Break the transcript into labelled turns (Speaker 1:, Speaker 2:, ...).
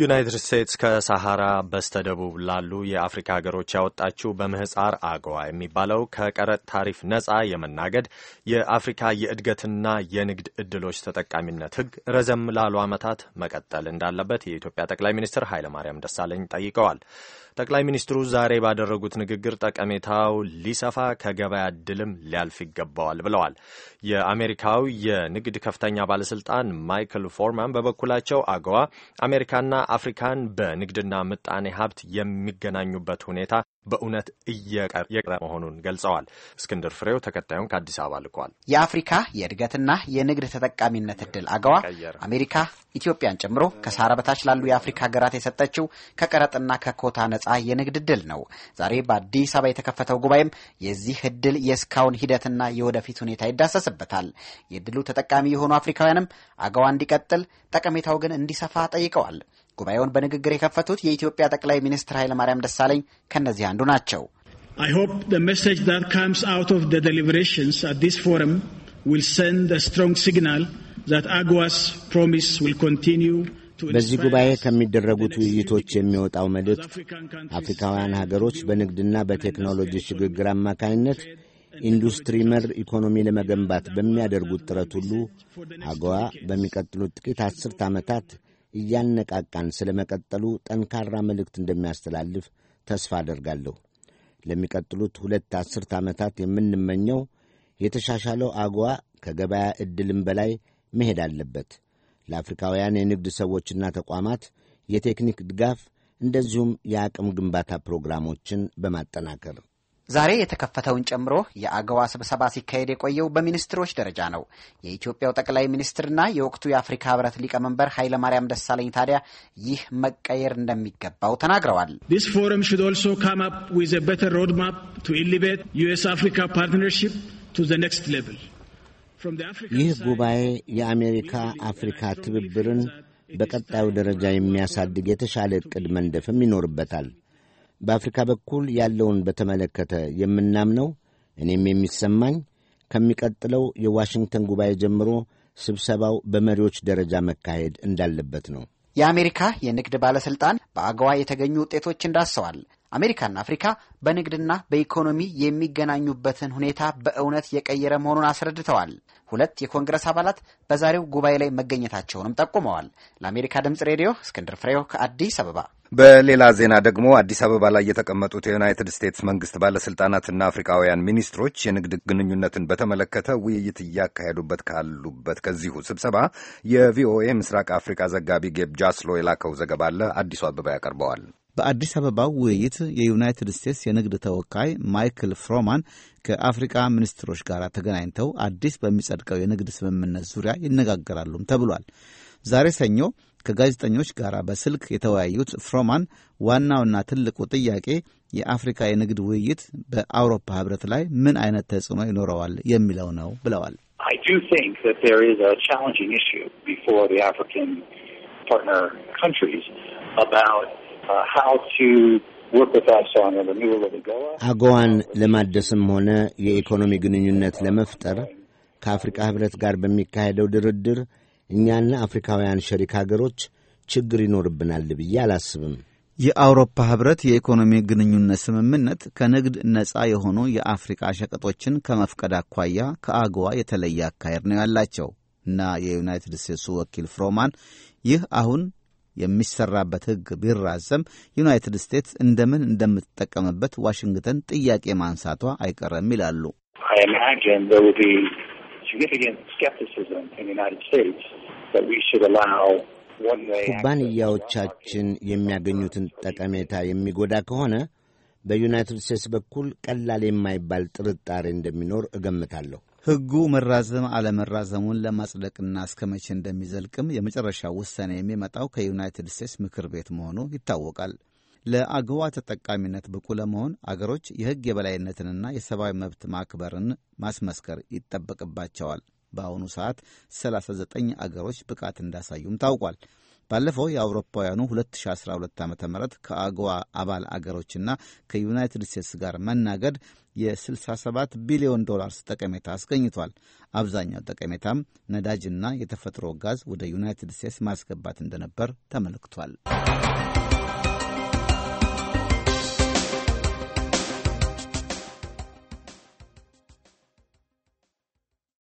Speaker 1: ዩናይትድ ስቴትስ ከሳሃራ በስተደቡብ ላሉ የአፍሪካ ሀገሮች ያወጣችው በምህጻር አገዋ የሚባለው ከቀረጥ ታሪፍ ነጻ የመናገድ የአፍሪካ የእድገትና የንግድ እድሎች ተጠቃሚነት ህግ ረዘም ላሉ ዓመታት መቀጠል እንዳለበት የኢትዮጵያ ጠቅላይ ሚኒስትር ኃይለማርያም ደሳለኝ ጠይቀዋል። ጠቅላይ ሚኒስትሩ ዛሬ ባደረጉት ንግግር ጠቀሜታው ሊሰፋ ከገበያ እድልም ሊያልፍ ይገባዋል ብለዋል። የአሜሪካው የንግድ ከፍተኛ ባለስልጣን ማይክል ፎርማን በበኩላቸው አገዋ አሜሪካና አፍሪካን በንግድና ምጣኔ ሀብት የሚገናኙበት ሁኔታ በእውነት እየቀረ መሆኑን ገልጸዋል። እስክንድር ፍሬው ተከታዩን ከአዲስ አበባ ልኳል።
Speaker 2: የአፍሪካ የእድገትና የንግድ ተጠቃሚነት እድል አገዋ አሜሪካ ኢትዮጵያን ጨምሮ ከሳህራ በታች ላሉ የአፍሪካ ሀገራት የሰጠችው ከቀረጥና ከኮታ ነጻ የንግድ እድል ነው። ዛሬ በአዲስ አበባ የተከፈተው ጉባኤም የዚህ እድል የእስካሁን ሂደትና የወደፊት ሁኔታ ይዳሰስበታል። የእድሉ ተጠቃሚ የሆኑ አፍሪካውያንም አገዋ እንዲቀጥል ጠቀሜታው ግን እንዲሰፋ ጠይቀዋል። ጉባኤውን በንግግር የከፈቱት የኢትዮጵያ ጠቅላይ ሚኒስትር ኃይለማርያም ደሳለኝ ከነዚህ አንዱ ናቸው።
Speaker 1: በዚህ ጉባኤ
Speaker 3: ከሚደረጉት ውይይቶች የሚወጣው መልእክት አፍሪካውያን ሀገሮች በንግድና በቴክኖሎጂ ሽግግር አማካኝነት ኢንዱስትሪ መር ኢኮኖሚ ለመገንባት በሚያደርጉት ጥረት ሁሉ አገዋ በሚቀጥሉት ጥቂት አስርት ዓመታት እያነቃቃን ስለ መቀጠሉ ጠንካራ መልእክት እንደሚያስተላልፍ ተስፋ አደርጋለሁ። ለሚቀጥሉት ሁለት አስርት ዓመታት የምንመኘው የተሻሻለው አግዋ ከገበያ ዕድልም በላይ መሄድ አለበት። ለአፍሪካውያን የንግድ ሰዎችና ተቋማት የቴክኒክ ድጋፍ እንደዚሁም የአቅም ግንባታ ፕሮግራሞችን በማጠናከር
Speaker 2: ዛሬ የተከፈተውን ጨምሮ የአገዋ ስብሰባ ሲካሄድ የቆየው በሚኒስትሮች ደረጃ ነው። የኢትዮጵያው ጠቅላይ ሚኒስትርና የወቅቱ የአፍሪካ ህብረት ሊቀመንበር ኃይለማርያም ደሳለኝ ታዲያ ይህ መቀየር እንደሚገባው ተናግረዋል።
Speaker 1: ዲስ ፎረም ሹድ ኦልሶ ካም አፕ ዊዝ ኤ ቤተር ቱ ኢሊቬት ዩኤስ አፍሪካ ፓርትነርሺፕ ቱ ዘ ኔክስት ሌቭል።
Speaker 3: ይህ ጉባኤ የአሜሪካ አፍሪካ ትብብርን በቀጣዩ ደረጃ የሚያሳድግ የተሻለ እቅድ መንደፍም ይኖርበታል። በአፍሪካ በኩል ያለውን በተመለከተ የምናምነው እኔም የሚሰማኝ ከሚቀጥለው የዋሽንግተን ጉባኤ ጀምሮ ስብሰባው በመሪዎች ደረጃ መካሄድ እንዳለበት ነው።
Speaker 2: የአሜሪካ የንግድ ባለሥልጣን በአገዋ የተገኙ ውጤቶች እንዳሰዋል። አሜሪካና አፍሪካ በንግድና በኢኮኖሚ የሚገናኙበትን ሁኔታ በእውነት የቀየረ መሆኑን አስረድተዋል። ሁለት የኮንግረስ አባላት በዛሬው ጉባኤ ላይ መገኘታቸውንም ጠቁመዋል። ለአሜሪካ ድምጽ ሬዲዮ እስክንድር ፍሬው ከአዲስ አበባ።
Speaker 3: በሌላ ዜና ደግሞ አዲስ አበባ ላይ የተቀመጡት የዩናይትድ ስቴትስ መንግስት ባለስልጣናትና አፍሪካውያን ሚኒስትሮች የንግድ ግንኙነትን በተመለከተ ውይይት እያካሄዱበት ካሉበት ከዚሁ ስብሰባ የቪኦኤ ምስራቅ አፍሪካ ዘጋቢ ጌብ ጃስሎ የላከው ዘገባ አለ። አዲሱ አበባ ያቀርበዋል።
Speaker 4: በአዲስ አበባው ውይይት የዩናይትድ ስቴትስ የንግድ ተወካይ ማይክል ፍሮማን ከአፍሪቃ ሚኒስትሮች ጋር ተገናኝተው አዲስ በሚጸድቀው የንግድ ስምምነት ዙሪያ ይነጋገራሉም ተብሏል። ዛሬ ሰኞ ከጋዜጠኞች ጋር በስልክ የተወያዩት ፍሮማን ዋናውና ትልቁ ጥያቄ የአፍሪካ የንግድ ውይይት በአውሮፓ ሕብረት ላይ ምን አይነት ተጽዕኖ ይኖረዋል የሚለው ነው ብለዋል። Uh,
Speaker 3: አገዋን ለማደስም ሆነ የኢኮኖሚ ግንኙነት ለመፍጠር ከአፍሪካ ህብረት ጋር በሚካሄደው ድርድር እኛና አፍሪካውያን ሸሪክ ሀገሮች ችግር
Speaker 4: ይኖርብናል ብዬ አላስብም። የአውሮፓ ህብረት የኢኮኖሚ ግንኙነት ስምምነት ከንግድ ነጻ የሆኑ የአፍሪካ ሸቀጦችን ከመፍቀድ አኳያ ከአገዋ የተለየ አካሄድ ነው ያላቸው እና የዩናይትድ ስቴትሱ ወኪል ፍሮማን ይህ አሁን የሚሰራበት ሕግ ቢራዘም ዩናይትድ ስቴትስ እንደምን እንደምትጠቀምበት ዋሽንግተን ጥያቄ ማንሳቷ አይቀርም ይላሉ። ኩባንያዎቻችን
Speaker 3: የሚያገኙትን ጠቀሜታ የሚጎዳ ከሆነ በዩናይትድ ስቴትስ
Speaker 4: በኩል ቀላል የማይባል ጥርጣሬ እንደሚኖር እገምታለሁ። ሕጉ መራዘም አለመራዘሙን ለማጽደቅና እስከ መቼ እንደሚዘልቅም የመጨረሻ ውሳኔ የሚመጣው ከዩናይትድ ስቴትስ ምክር ቤት መሆኑ ይታወቃል። ለአገዋ ተጠቃሚነት ብቁ ለመሆን አገሮች የሕግ የበላይነትንና የሰብአዊ መብት ማክበርን ማስመስከር ይጠበቅባቸዋል። በአሁኑ ሰዓት 39 አገሮች ብቃት እንዳሳዩም ታውቋል። ባለፈው የአውሮፓውያኑ 2012 ዓ ም ከአጎዋ አባል አገሮችና ከዩናይትድ ስቴትስ ጋር መናገድ የ67 ቢሊዮን ዶላርስ ጠቀሜታ አስገኝቷል። አብዛኛው ጠቀሜታም ነዳጅና የተፈጥሮ ጋዝ ወደ ዩናይትድ ስቴትስ ማስገባት እንደነበር ተመልክቷል።